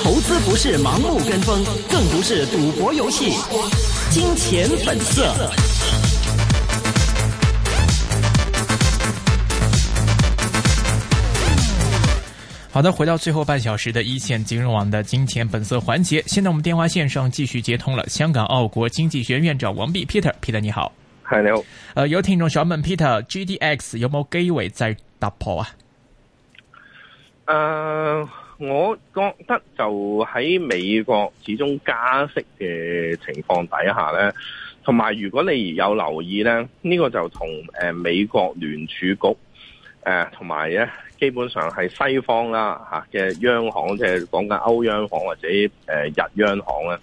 投資不是盲目跟風，更不是賭博遊戲。金錢本色。好的，回到最後半小時的一線金融網的“金錢本色”環節。現在我們電話線上繼續接通了香港澳國經濟學院院長王弼 Peter，Peter Peter 你好，Hello。呃，有聽眾想問 Peter G D X 有冇 gap 位在打破啊？誒，uh, 我覺得就喺美國始終加息嘅情況底下呢，同埋如果你有留意呢呢，呢個就同誒美國聯儲局誒同埋咧，基本上係西方啦吓嘅央行，即係講緊歐央行或者日央行咧，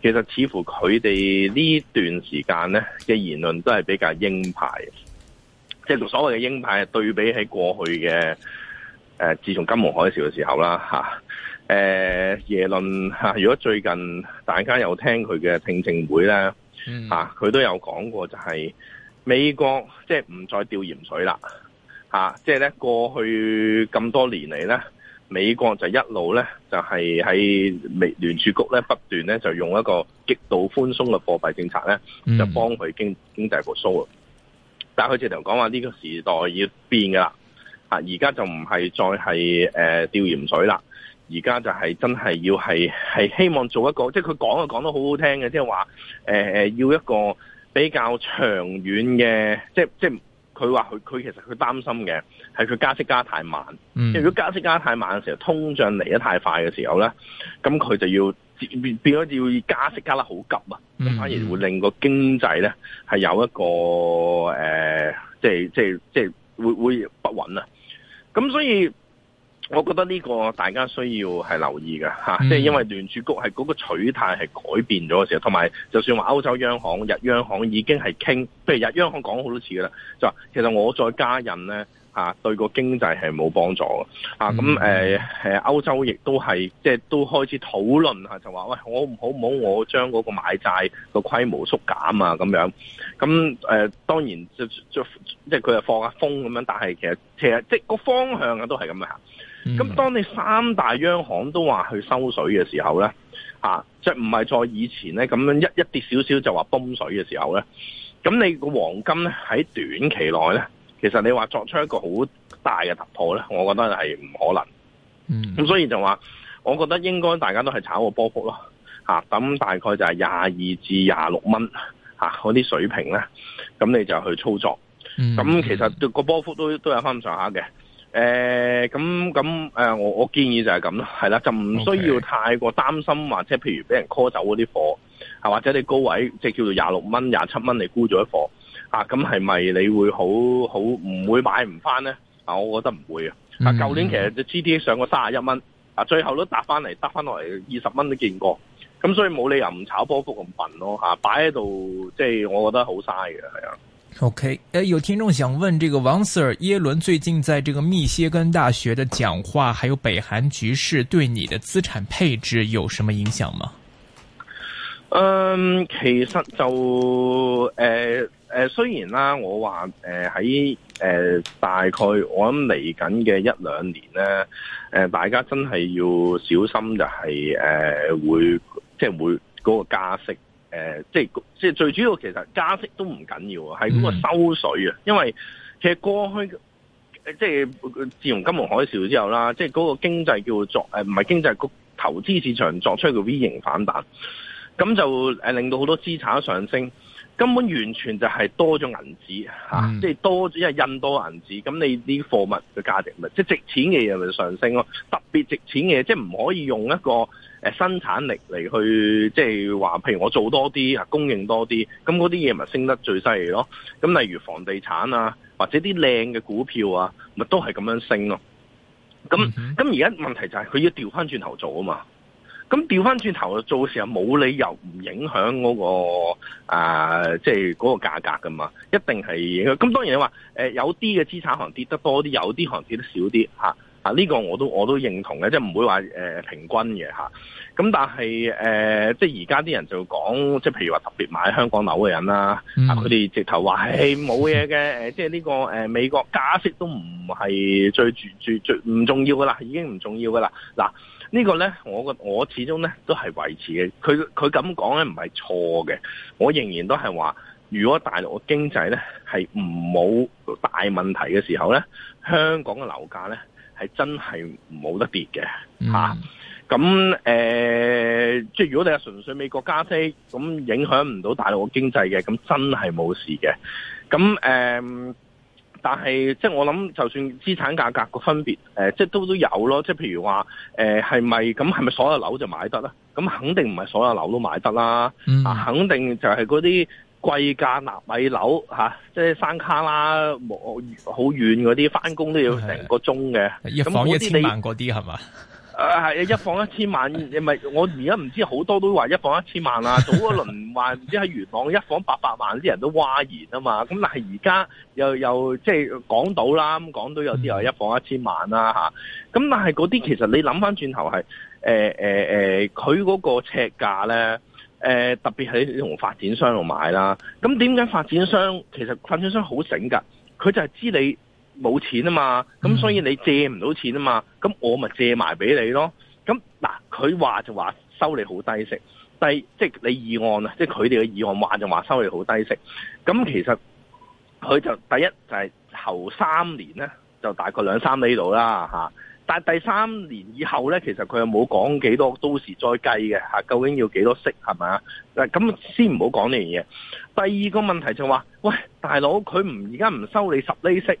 其實似乎佢哋呢段時間呢嘅言論都係比較鷹派，即係所謂嘅鷹派對比喺過去嘅。誒，自從金融海嘯嘅時候啦，吓，誒，耶倫吓，如果最近大家有聽佢嘅聽證會咧，吓，佢都有講過就是美國，就係美國即係唔再調鹽水啦，吓，即係咧過去咁多年嚟咧，美國就一路咧就係喺美聯儲局咧不斷咧就用一個極度寬鬆嘅貨幣政策咧，就幫佢經經濟復蘇，但係佢直頭講話呢個時代要變噶啦。啊！而家就唔係再係誒調研水啦吊鹽水，而家就係真係要係係希望做一個，即係佢講啊講得好好聽嘅，即係話誒要一個比較長遠嘅，即係即係佢話佢佢其實佢擔心嘅係佢加息加得太慢，嗯、即係如果加息加得太慢嘅時候，通脹嚟得太快嘅時候咧，咁佢就要變咗要加息加得好急啊，咁、嗯、反而會令個經濟咧係有一個誒、呃，即係即係即係會會不穩啊！咁所以，我覺得呢個大家需要係留意嘅，嚇，即係因為聯儲局係嗰個取態係改變咗嘅時候，同埋就算話歐洲央行、日央行已經係傾，譬如日央行講好多次嘅啦，就話其實我再加印咧。啊，對個經濟係冇幫助啊咁、呃、歐洲亦都係即係都開始討論下，就話喂，唔好唔好，我將嗰個買債個規模縮減啊咁樣。咁、呃、當然即即係佢係放下風咁樣，但係其實其實即係個方向啊都係咁樣。咁、啊、當你三大央行都話去收水嘅時候咧，即係唔係再以前咧咁樣一一跌少少就話泵水嘅時候咧，咁你個黃金咧喺短期內咧？其實你話作出一個好大嘅突破咧，我覺得係唔可能。嗯，咁所以就話，我覺得應該大家都係炒個波幅咯，吓、啊，咁大概就係廿二至廿六蚊，吓嗰啲水平咧，咁你就去操作。咁、嗯、其實個波幅都都有翻咁上下嘅。誒、欸，咁咁誒，我我建議就係咁咯，係啦，就唔需要太過擔心，或者譬如俾人 call 走嗰啲貨，吓或者你高位即係、就是、叫做廿六蚊、廿七蚊，你沽咗一貨。啊，咁係咪你會好好唔會買唔翻咧？啊，我覺得唔會嘅。啊，舊年其實隻 G D a 上過三十一蚊，啊，最後都搭翻嚟，搭翻落嚟二十蚊都見過。咁、啊、所以冇理由唔炒波幅咁笨咯，吓、啊、擺喺度，即係我覺得好嘥嘅，係啊。O、okay. K，、呃、有聽眾想問，這個王 Sir，耶倫最近在這個密歇根大學的講話，還有北韓局勢，對你的資產配置有什麼影響嗎？嗯，其實就誒。呃誒，雖然啦、呃呃，我話誒喺誒大概我諗嚟緊嘅一兩年咧，誒、呃、大家真係要小心就係、是、誒、呃、會即係會嗰個加息，誒、呃、即係即係最主要其實加息都唔緊要啊，係嗰個收水啊，嗯、因為其實過去即係自從金融海嘯之後啦，即係嗰個經濟叫做誒唔係經濟局，投資市場作出一個 V 型反彈，咁就誒令到好多資產上升。根本完全就係多咗銀紙嚇，即係、嗯、多咗，因為印多銀紙，咁你啲貨物嘅價值咪即係值錢嘅嘢咪上升咯。特別值錢嘅嘢，即係唔可以用一個誒生產力嚟去，即係話譬如我做多啲啊，供應多啲，咁嗰啲嘢咪升得最犀利咯。咁例如房地產啊，或者啲靚嘅股票啊，咪都係咁樣升咯、啊。咁咁而家問題就係佢要調翻轉頭做啊嘛。.咁調翻轉頭做時候，冇理由唔影響嗰、呃即係嗰個價格噶嘛，一定係影響。咁當然你話，誒有啲嘅資產行跌得多啲，有啲行跌得少啲，吓。啊！呢個我都我都認同嘅，即係唔會話、呃、平均嘅嚇。咁但係誒、呃，即係而家啲人就講，即係譬如話特別買香港樓嘅人啦，啊佢哋直頭話係冇嘢嘅，即係、這、呢個、呃、美國加息都唔係最最最唔重要噶啦，已經唔重要噶啦。嗱、這個、呢個咧，我個我始終咧都係維持嘅。佢佢咁講咧唔係錯嘅。我仍然都係話，如果大陸嘅經濟咧係唔冇大問題嘅時候咧，香港嘅樓價咧。係真係冇得跌嘅吓，咁誒、嗯啊呃，即係如果你係純粹美國加息，咁影響唔到大陸嘅經濟嘅，咁真係冇事嘅。咁誒、呃，但係即係我諗，就算資產價格個分別，誒、呃，即係都都有咯。即係譬如話，誒、呃，係咪咁？係咪所有樓就買得啦？咁肯定唔係所有樓都買得啦，嗯、啊，肯定就係嗰啲。貴價納米樓吓、啊，即係山卡啦，好遠嗰啲，翻工都要成個鐘嘅。一房一千萬嗰啲係嘛？誒係、 呃、一房一千萬，唔係 我而家唔知好多都話一房一千萬啦。早嗰輪話唔知喺元朗一房八百萬，啲人都嘩然啊嘛。咁但係而家又又即係講到啦，咁講到有啲又一房一千萬啦吓。咁、嗯啊、但係嗰啲其實你諗翻轉頭係誒誒誒，佢、呃、嗰、呃呃、個尺價咧。誒特別喺同發展商度買啦，咁點解發展商其實發展商好醒㗎？佢就係知你冇錢啊嘛，咁所以你借唔到錢啊嘛，咁我咪借埋俾你咯。咁嗱，佢話就話收你好低息，低即係你議案啊，即係佢哋嘅議案話就話收你好低息。咁其實佢就第一就係、是、後三年咧，就大概兩三厘度啦，嚇。但第三年以後咧，其實佢又冇講幾多都市，到時再計嘅嚇，究竟要幾多息係咪？嗱咁先唔好講呢樣嘢。第二個問題就話，喂，大佬佢唔而家唔收你十厘息，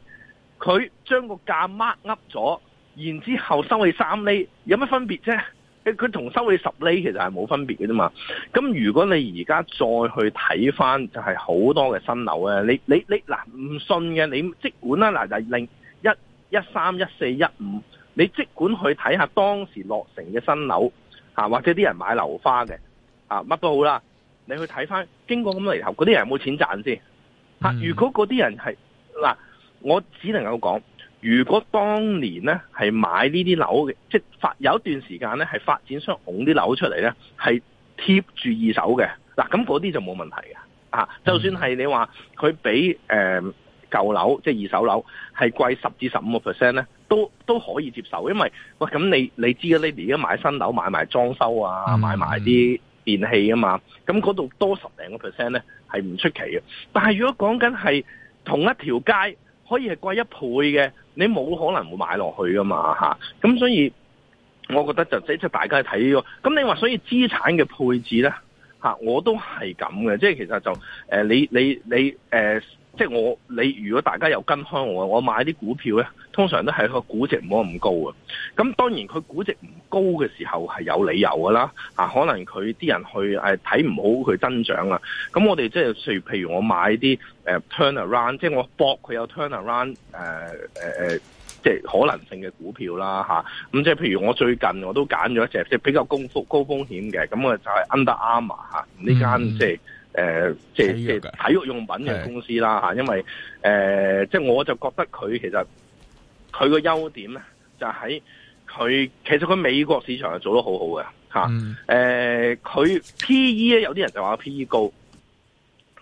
佢將個價 mark up 咗，然之後收你三厘，有乜分別啫？佢同收你十厘其實係冇分別嘅啫嘛。咁如果你而家再去睇翻，就係好多嘅新樓啊！你你你嗱唔信嘅，你即管啦嗱，令零一一三一四一五。你即管去睇下當時落成嘅新樓，或者啲人買樓花嘅，啊乜都好啦。你去睇翻經過咁嚟泥頭，嗰啲人有冇錢賺先？嗯、如果嗰啲人係嗱，我只能夠講，如果當年咧係買呢啲樓嘅，即發有一段時間咧係發展商拱啲樓出嚟咧，係貼住二手嘅嗱，咁嗰啲就冇問題嘅。嚇、就算係你話佢比舊樓即、就係、二手樓係貴十至十五個 percent 咧。都都可以接受，因為喂咁你你知啦，你而家買新樓買埋裝修啊，嗯嗯嗯買埋啲電器啊嘛，咁嗰度多十零個 percent 咧係唔出奇嘅。但係如果講緊係同一條街可以係貴一倍嘅，你冇可能會買落去噶嘛吓。咁、啊、所以我覺得就即係大家睇呢、呢個。咁你話所以資產嘅配置咧吓、啊，我都係咁嘅，即係其實就誒、呃、你你你誒。呃即係我你如果大家有跟開，我，我買啲股票咧，通常都係個估值唔好咁高。咁當然佢估值唔高嘅時候係有理由㗎啦、啊。可能佢啲人去睇唔、啊、好佢增長啦。咁我哋即係譬如譬如我買啲、呃、turnaround，即係我博佢有 turnaround 誒、呃呃、即係可能性嘅股票啦吓，咁、啊啊、即係譬如我最近我都揀咗一隻即係比較高，高風高風險嘅，咁啊就係 Under Armour 吓，呢間、嗯、即係。誒、呃，即係即係體育用品嘅公司啦吓，因為誒、呃，即係我就覺得佢其實佢個優點咧，就喺佢其實佢美國市場係做得好好嘅吓。誒、嗯呃，佢 P E 咧，有啲人就話 P E 高，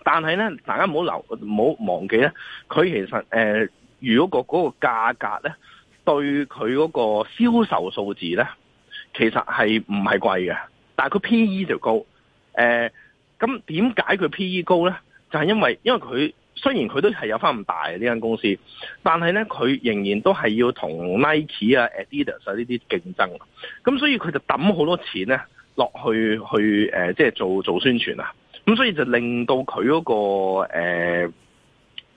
但係咧，大家唔好留唔好忘記咧，佢其實誒、呃，如果個嗰個價格咧，對佢嗰個銷售數字咧，其實係唔係貴嘅，但係佢 P E 就高誒。呃咁點解佢 P/E 高咧？就係、是、因為因為佢雖然佢都係有返咁大嘅呢間公司，但係咧佢仍然都係要同 Nike 啊、Adidas 啊呢啲競爭，咁所以佢就抌好多錢咧落去去、呃、即係做做宣傳啊，咁所以就令到佢嗰、那個、呃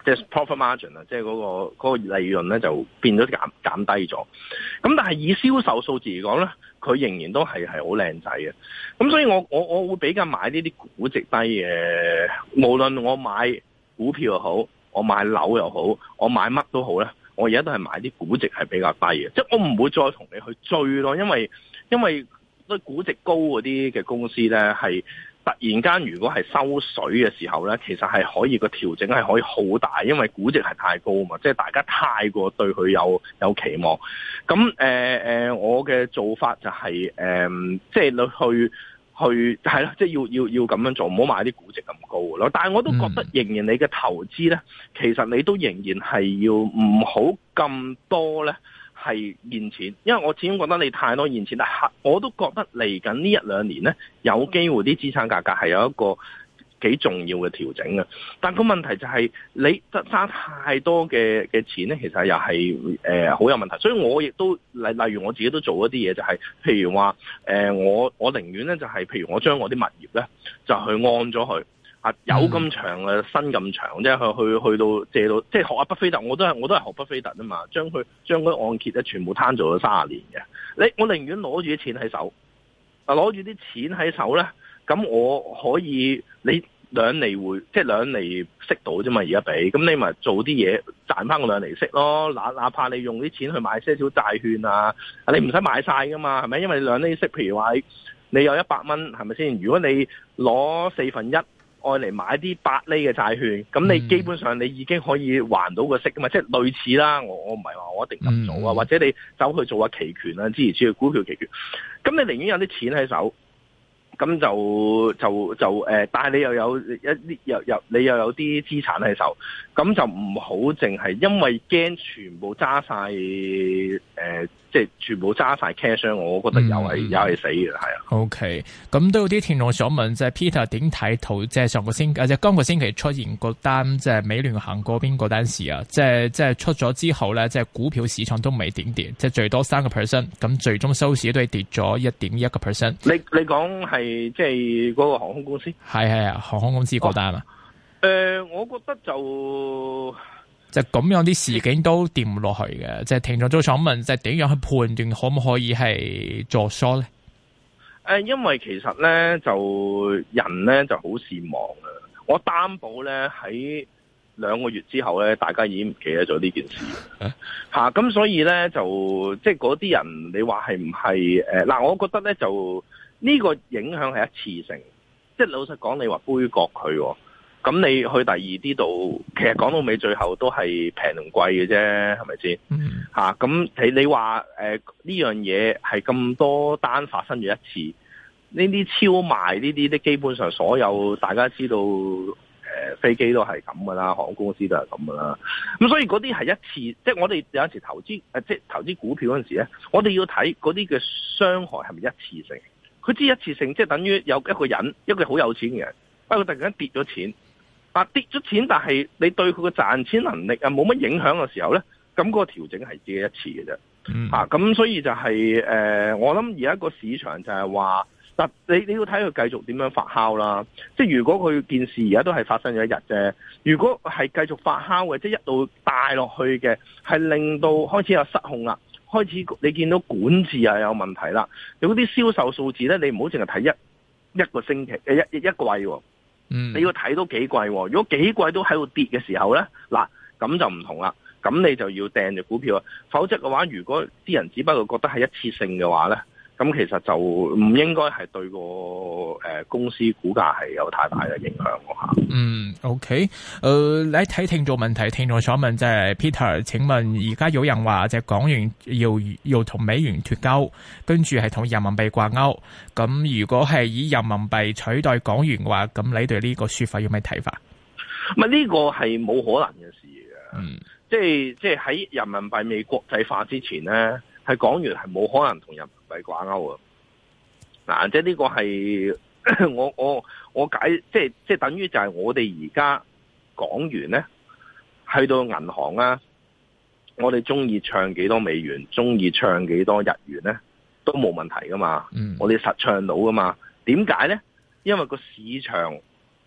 即係 profit margin 啊、那個，即係嗰個利潤咧就變咗減減低咗。咁但係以銷售數字嚟講咧，佢仍然都係係好靚仔嘅。咁所以我我我會比較買呢啲估值低嘅，無論我買股票又好，我買樓又好，我買乜都好咧，我而家都係買啲估值係比較低嘅，即、就、係、是、我唔會再同你去追咯，因為因為啲估值高嗰啲嘅公司咧係。是突然間，如果係收水嘅時候咧，其實係可以個調整係可以好大，因為估值係太高嘛，即係大家太過對佢有有期望。咁誒、呃呃、我嘅做法就係、誒、誒、呃，即係你去去係啦，即係要要要咁樣做，唔好買啲估值咁高咯。但係我都覺得，仍然你嘅投資咧，其實你都仍然係要唔好咁多咧。係現錢，因為我始終覺得你太多現錢，但係我都覺得嚟緊呢一兩年呢，有機會啲資產價格係有一個幾重要嘅調整嘅。但個問題就係你得差太多嘅嘅錢呢，其實又係誒好有問題。所以我亦都例例如我自己都做一啲嘢，就係、是、譬如話誒、呃，我我寧願呢，就係、是、譬如我將我啲物業呢，就去按咗佢。有咁長啊，新咁長啫，去去去到借到，即係學阿巴菲特，我都係我都係學巴菲特啊嘛，將佢將嗰按揭咧全部攤做咗三十年嘅。你我寧願攞住啲錢喺手，啊攞住啲錢喺手咧，咁我可以你兩厘匯，即係兩厘息到啫嘛。而家俾咁你咪做啲嘢賺翻個兩厘息咯。那哪怕你用啲錢去買些少債券啊，你唔使買晒噶嘛，係咪？因為兩厘息，譬如話你你有一百蚊係咪先？如果你攞四分一。外嚟買啲百厘嘅債券，咁你基本上你已經可以還到個息噶嘛，嗯、即係類似啦。我我唔係話我一定咁做啊，嗯、或者你走去做下期權啦，之餘之餘股票期權，咁你寧願有啲錢喺手，咁就就就、呃、但係你又有一啲又你又有啲資產喺手，咁就唔好淨係因為驚全部揸曬、呃即係全部揸晒 cash，我覺得又係又係死嘅，係啊。OK，咁都有啲聽眾想問，即係 Peter 點睇？即係上個星期，即係今個星期出現嗰單，即係美聯航嗰邊嗰單事啊！即係即係出咗之後咧，即係股票市場都未點跌，即係最多三個 percent，咁最終收市都係跌咗一點一個 percent。你你講係即係嗰個航空公司？係係啊，航空公司嗰單啊。誒、哦呃，我覺得就。就咁樣啲事件都掂唔落去嘅，即係、停咗咗想問，就點、是、樣去判斷可唔可以係作疏咧？誒，因為其實咧就人咧就好善忘嘅，我擔保咧喺兩個月之後咧，大家已經唔記得咗呢件事吓，咁、啊啊、所以咧就即係嗰啲人你是是，你話係唔係誒？嗱，我覺得咧就呢、這個影響係一次性，即係老實講、哦，你話杯葛佢。咁你去第二啲度，其實講到尾最後都係平同貴嘅啫，係咪先？嚇咁、mm hmm. 啊、你你話呢樣嘢係咁多單發生咗一次，呢啲超賣呢啲，啲基本上所有大家知道、呃、飛機都係咁嘅啦，航空公司都係咁嘅啦。咁所以嗰啲係一次，即係我哋有陣時投資，即係投資股票嗰陣時咧，我哋要睇嗰啲嘅傷害係咪一次性。佢知一次性，即係等於有一個人一個好有錢嘅人，不過突然間跌咗錢。啊，跌咗錢，但係你對佢個賺錢能力啊冇乜影響嘅時候咧，咁、那、嗰個調整係自己一次嘅啫。嚇咁、嗯，啊、所以就係、是、誒、呃，我諗而家個市場就係話，嗱，你你要睇佢繼續點樣發酵啦。即、就、係、是、如果佢件事而家都係發生咗一日啫，如果係繼續發酵嘅，即、就、係、是、一路帶落去嘅，係令到開始有失控啦，開始你見到管治啊有問題啦。有啲銷售數字咧，你唔好淨係睇一一個星期誒一一,一季、哦。嗯、你要睇到幾貴喎、啊，如果幾貴都喺度跌嘅時候咧，嗱咁就唔同啦，咁你就要掟隻股票啊，否則嘅話，如果啲人只不過覺得係一次性嘅話咧。咁其實就唔應該係對個誒公司股價係有太大嘅影響嘅吓。嗯，OK，誒，你、呃、睇聽眾問題，聽眾所問就係、係、Peter，請問而家有人話即係港元要要同美元脫鈎，跟住係同人民幣掛鈎。咁如果係以人民幣取代港元嘅話，咁你對呢個說法有咩睇法？唔係呢個係冇可能嘅事嘅，嗯，即係即係喺人民幣未國際化之前咧，係港元係冇可能同人。係掛鈎啊！嗱、嗯，即係呢個係我我我解，即係即係等於就係我哋而家講完咧，去到銀行啊，我哋中意唱幾多美元，中意唱幾多日元咧，都冇問題噶嘛。我哋實唱到噶嘛。點解咧？因為個市場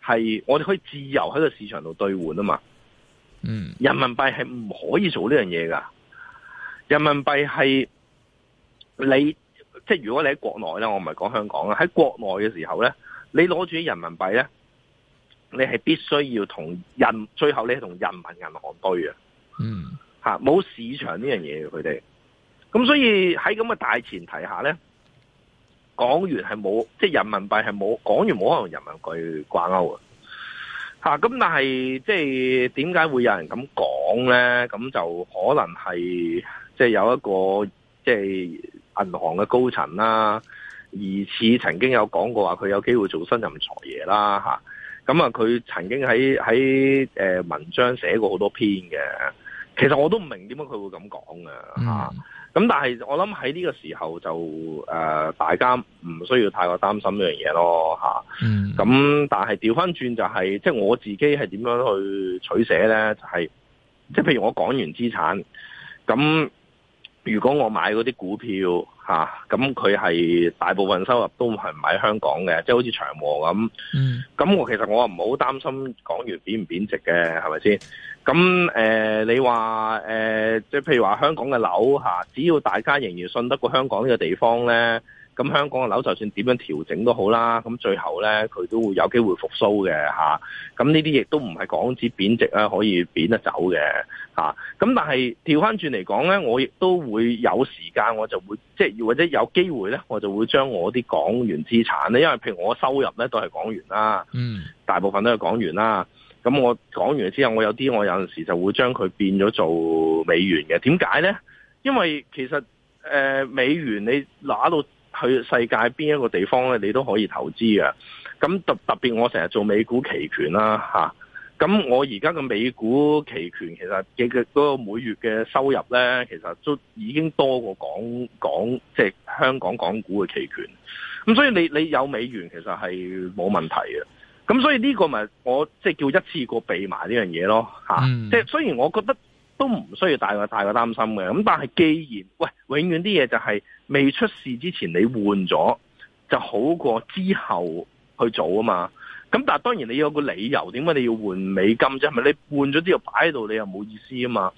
係我哋可以自由喺個市場度兌換啊嘛。嗯，人民幣係唔可以做呢樣嘢噶，人民幣係你。即係如果你喺國內咧，我唔係講香港啊，喺國內嘅時候咧，你攞住啲人民幣咧，你係必須要同人最後你係同人民銀行對嘅，嗯，吓，冇市場呢樣嘢佢哋，咁所以喺咁嘅大前提下咧，港元係冇即係人民幣係冇港元冇可能人民幣掛勾啊，吓，咁但係即係點解會有人咁講咧？咁就可能係即係有一個即係。銀行嘅高層啦，疑似曾經有講過話佢有機會做新任財爺啦嚇，咁啊佢、啊、曾經喺喺誒文章寫過好多篇嘅，其實我都唔明點解佢會咁講嘅嚇，咁、啊啊、但係我諗喺呢個時候就誒、啊、大家唔需要太過擔心呢樣嘢咯嚇，咁、啊啊啊啊、但係調翻轉就係、是、即係我自己係點樣去取捨咧，就係、是、即係譬如我講完資產咁。啊。如果我買嗰啲股票嚇，咁佢係大部分收入都唔係喺香港嘅，即係好似長和咁。咁、嗯、我其實我唔好擔心港元貶唔貶值嘅，係咪先？咁誒、呃，你話誒，即係譬如話香港嘅樓嚇，只要大家仍然信得過香港呢個地方咧。咁香港嘅樓就算點樣調整都好啦，咁最後咧佢都會有機會復甦嘅嚇。咁呢啲亦都唔係港紙貶值啊，可以貶得走嘅嚇。咁、啊、但係調翻轉嚟講咧，我亦都會有時間，我就會即係或者有機會咧，我就會將我啲港元資產咧，因為譬如我收入咧都係港元啦，嗯，mm. 大部分都係港元啦。咁我講完之後，我有啲我有陣時就會將佢變咗做美元嘅。點解咧？因為其實誒、呃、美元你拿到，去世界邊一個地方咧，你都可以投資嘅。咁特特別，我成日做美股期權啦，嚇、啊。咁我而家嘅美股期權其實嗰個每月嘅收入咧，其實都已經多過港港即係、就是、香港港股嘅期權。咁所以你你有美元其實係冇問題嘅。咁所以呢個咪我即係、就是、叫一次過備埋呢樣嘢咯，嚇、啊。嗯、即係雖然我覺得都唔需要大個大個擔心嘅。咁但係既然喂，永遠啲嘢就係、是。未出事之前，你換咗就好過之後去做啊嘛。咁但係當然你要有個理由，點解你要換美金啫？係咪你換咗之後擺喺度，你又冇意思啊嘛？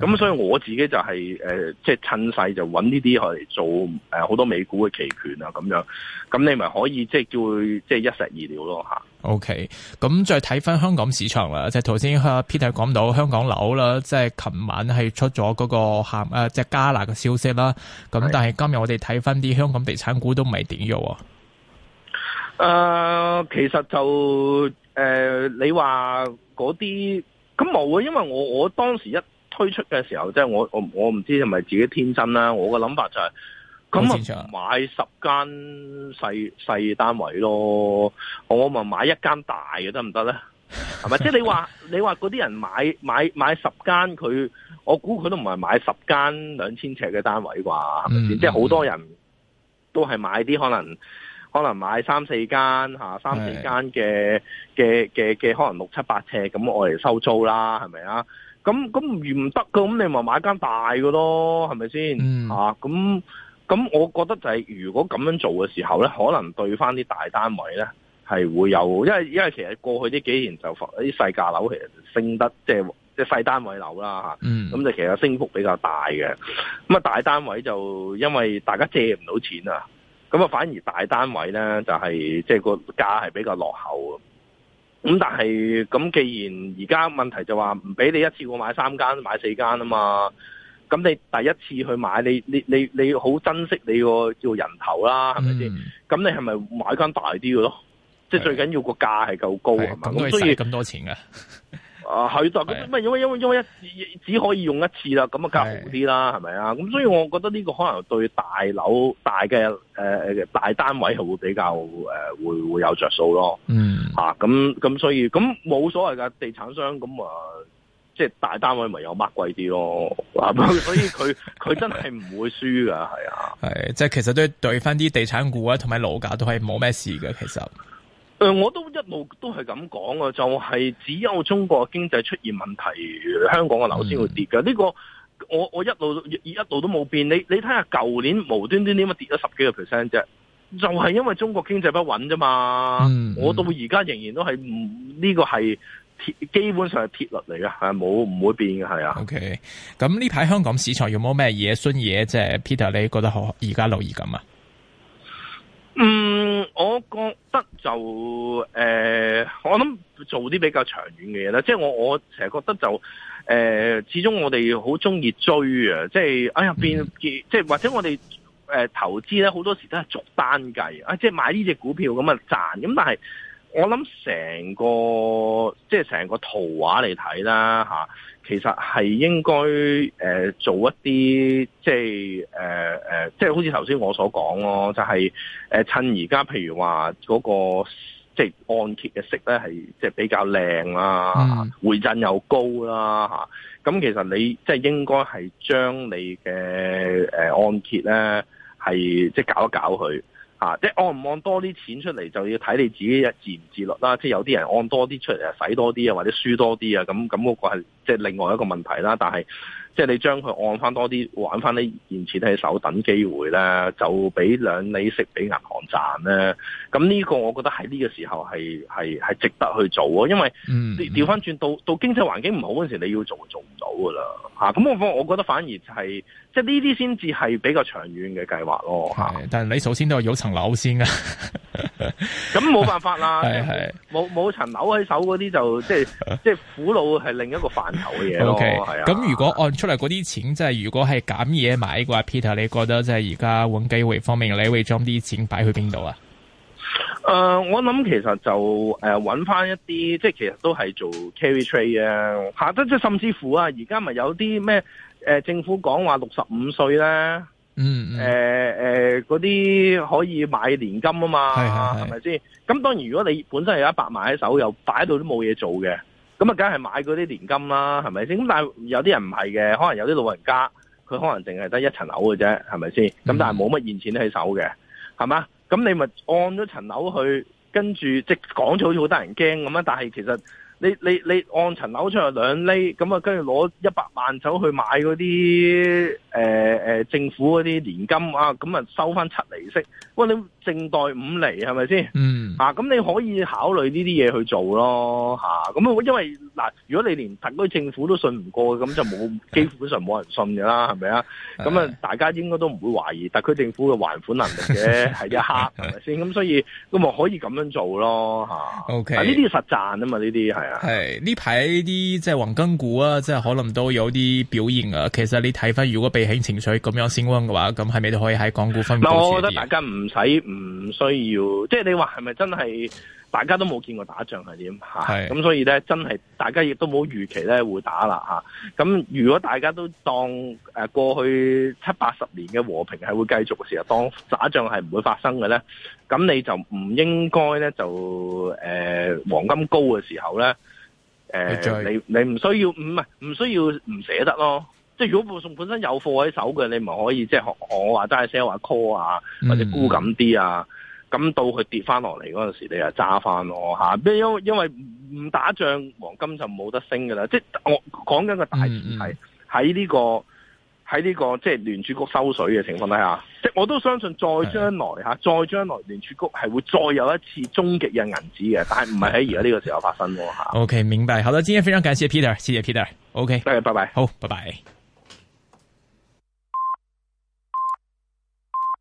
咁的所以我自己就係即係趁勢就揾呢啲去做誒好多美股嘅期權啊咁樣。咁你咪可以即係、就是、叫佢即係、就是、一石二鳥咯吓、啊、OK。咁再睇翻香港市場啦，即係頭先 Peter 講到香港樓啦，即、就、係、是、琴晚係出咗嗰個限即係加辣嘅消息啦。咁但係今日我哋睇翻啲香港地產股都唔係點喎。誒、呃，其實就誒、呃，你話嗰啲咁冇啊，因為我我當時一推出嘅時候，即係我我我唔知係咪自己天真啦。我嘅諗法就係、是，咁啊買十間細細單位咯，我咪買一間大嘅得唔得咧？係咪？ 即係你話你話嗰啲人買買買十間，佢我估佢都唔係買十間兩千尺嘅單位啩？係咪先？是是嗯、即係好多人都係買啲可能。可能買三四間、啊、三四間嘅嘅嘅嘅，可能六七八尺咁，我嚟收租啦，係咪、嗯、啊？咁咁唔得㗎，咁你咪買間大嘅咯，係咪先？嚇咁咁，我覺得就係、是、如果咁樣做嘅時候咧，可能對翻啲大單位咧係會有，因為因為其實過去呢幾年就發啲細價樓其實升得即係即係細單位樓啦嚇，咁、嗯、就其實升幅比較大嘅。咁啊大單位就因為大家借唔到錢啊。咁啊，反而大單位咧，就係即係個價係比較落後。咁但係，咁既然而家問題就話唔俾你一次過買三間買四間啊嘛，咁你第一次去買，你你你你好珍惜你個叫人頭啦，係咪先？咁、嗯、你係咪買間大啲嘅咯？即係的最緊要個價係夠高係咪？咁需要咁多錢嘅。 啊，佢就咁，因為因為因為一次只可以用一次啦，咁啊較好啲啦，係咪啊？咁所以我覺得呢個可能對大樓大嘅誒、呃、大單位係會比較誒、呃、會會有着數咯。嗯、啊，吓咁咁所以咁冇所謂噶地產商咁啊，即係大單位咪有乜貴啲咯。啊， 所以佢佢真係唔會輸噶，係啊。係即係其實都對翻啲地產股啊，同埋樓價都係冇咩事噶，其實。我都一路都係咁講啊，就係、是、只有中國經濟出現問題，香港嘅樓先會跌㗎。呢、這個我我一路一路都冇變。你你睇下舊年無端端點乜跌咗十幾個 percent 啫，就係、是、因為中國經濟不穩啫嘛。嗯、我到而家仍然都係呢、這個係鐵，基本上係鐵律嚟嘅，係冇唔會變嘅，係啊。OK，咁呢排香港市場有冇咩嘢新嘢係 p e t e r 你覺得好而家留意咁啊？嗯，我覺得就誒、呃，我諗做啲比較長遠嘅嘢啦。即係我我成日覺得就誒、呃，始終我哋好鍾意追、哎呀呃、啊。即係哎呀變即係或者我哋誒投資咧，好多時都係逐單計啊。即係買呢隻股票咁啊賺。咁但係我諗成個即係成個圖畫嚟睇啦，吓其實係應該誒、呃、做一啲即係誒誒，即係好似頭先我所講咯，就係、是、誒趁而家譬如話嗰、那個即係按揭嘅息咧係即係比較靚啦，嗯、回贈又高啦嚇，咁其實你即係應該係將你嘅誒、呃、按揭咧係即係搞一搞佢。啊！即係按唔按多啲錢出嚟，就要睇你自己自唔自律啦。即係有啲人按多啲出嚟啊，使多啲啊，或者輸多啲啊，咁咁嗰個係即係另外一個問題啦。但係即係你將佢按翻多啲，玩翻啲現錢喺手，等機會咧，就俾兩厘息俾銀行賺咧。咁呢個我覺得喺呢個時候係係係值得去做喎，因為調返翻轉到到經濟環境唔好嗰陣時候，你要做做唔到噶啦。咁我覺得反而就係即係呢啲先至係比較長遠嘅計劃咯。但你首先都有層樓先啊，咁冇 辦法啦，冇冇層樓喺手嗰啲就 即係即係苦惱係另一個範疇嘅嘢咯，O K，咁如果按出嚟嗰啲錢，即係如果係減嘢買嘅話，Peter 你覺得即係而家揾機會方面，你會將啲錢擺去邊度啊？誒、呃，我諗其實就誒揾翻一啲，即係其實都係做 carry trade 啊，下得即係甚至乎啊，而家咪有啲咩誒政府講話六十五歲咧。嗯，誒、嗯、誒，嗰啲、呃呃、可以買年金啊嘛，係咪先？咁當然，如果你本身有一百萬喺手，又擺喺度都冇嘢做嘅，咁啊，梗係買嗰啲年金啦，係咪先？咁但係有啲人唔係嘅，可能有啲老人家，佢可能淨係得一層樓嘅啫，係咪先？咁但係冇乜現錢喺手嘅，係嘛、嗯？咁你咪按咗層樓去，跟住即係講咗好似好得人驚咁樣！但係其實。你你你按層樓出嚟兩厘，咁啊跟住攞一百萬走去買嗰啲誒誒政府嗰啲年金啊，咁啊收翻七厘息，喂你。正代五厘係咪先？嗯，啊，咁你可以考慮呢啲嘢去做咯，嚇。咁啊，因為嗱、啊，如果你連特區政府都信唔過，咁就冇基本上冇人信㗎啦，係咪啊？咁 啊，大家應該都唔會懷疑特區政府嘅還款能力嘅，係 一刻，係咪先？咁、啊、所以咁咪可以咁樣做咯，嚇、啊。O K. 呢啲實賺啊嘛，呢啲係啊。係呢排啲即係黃金股啊，即、就、係、是、可能都有啲表現啊。其實你睇翻，如果避險情緒咁樣升溫嘅話，咁係咪都可以喺港股分、嗯、我覺得大家唔使。唔需、嗯、要，即係你話係咪真係大家都冇見過打仗係點？係咁是、啊、所以咧，真係大家亦都冇預期咧會打啦吓。咁、啊、如果大家都當誒、呃、過去七八十年嘅和平係會繼續嘅時候，當打仗係唔會發生嘅咧，咁你就唔應該咧就誒、呃、黃金高嘅時候咧，誒、呃、你、就是、你唔需要唔係唔需要唔捨得咯。即係如果我送本身有貨喺手嘅，你咪可以即係我話齋 sell 吓 call 啊，或者沽緊啲啊，咁、嗯、到佢跌翻落嚟嗰陣時，你又揸翻我吓。因為因為唔打仗，黃金就冇得升噶啦。即係我講緊、個大前提喺呢個喺呢、個即係聯儲局收水嘅情況底下，即係我都相信再將來吓，的再將來聯儲局係會再有一次終極嘅銀紙嘅，但係唔係喺而家呢個時候發生咯吓。 o、okay, K 明白，好啦，今天非常感謝 Peter，謝謝 Peter okay。O K，拜拜，好，拜拜。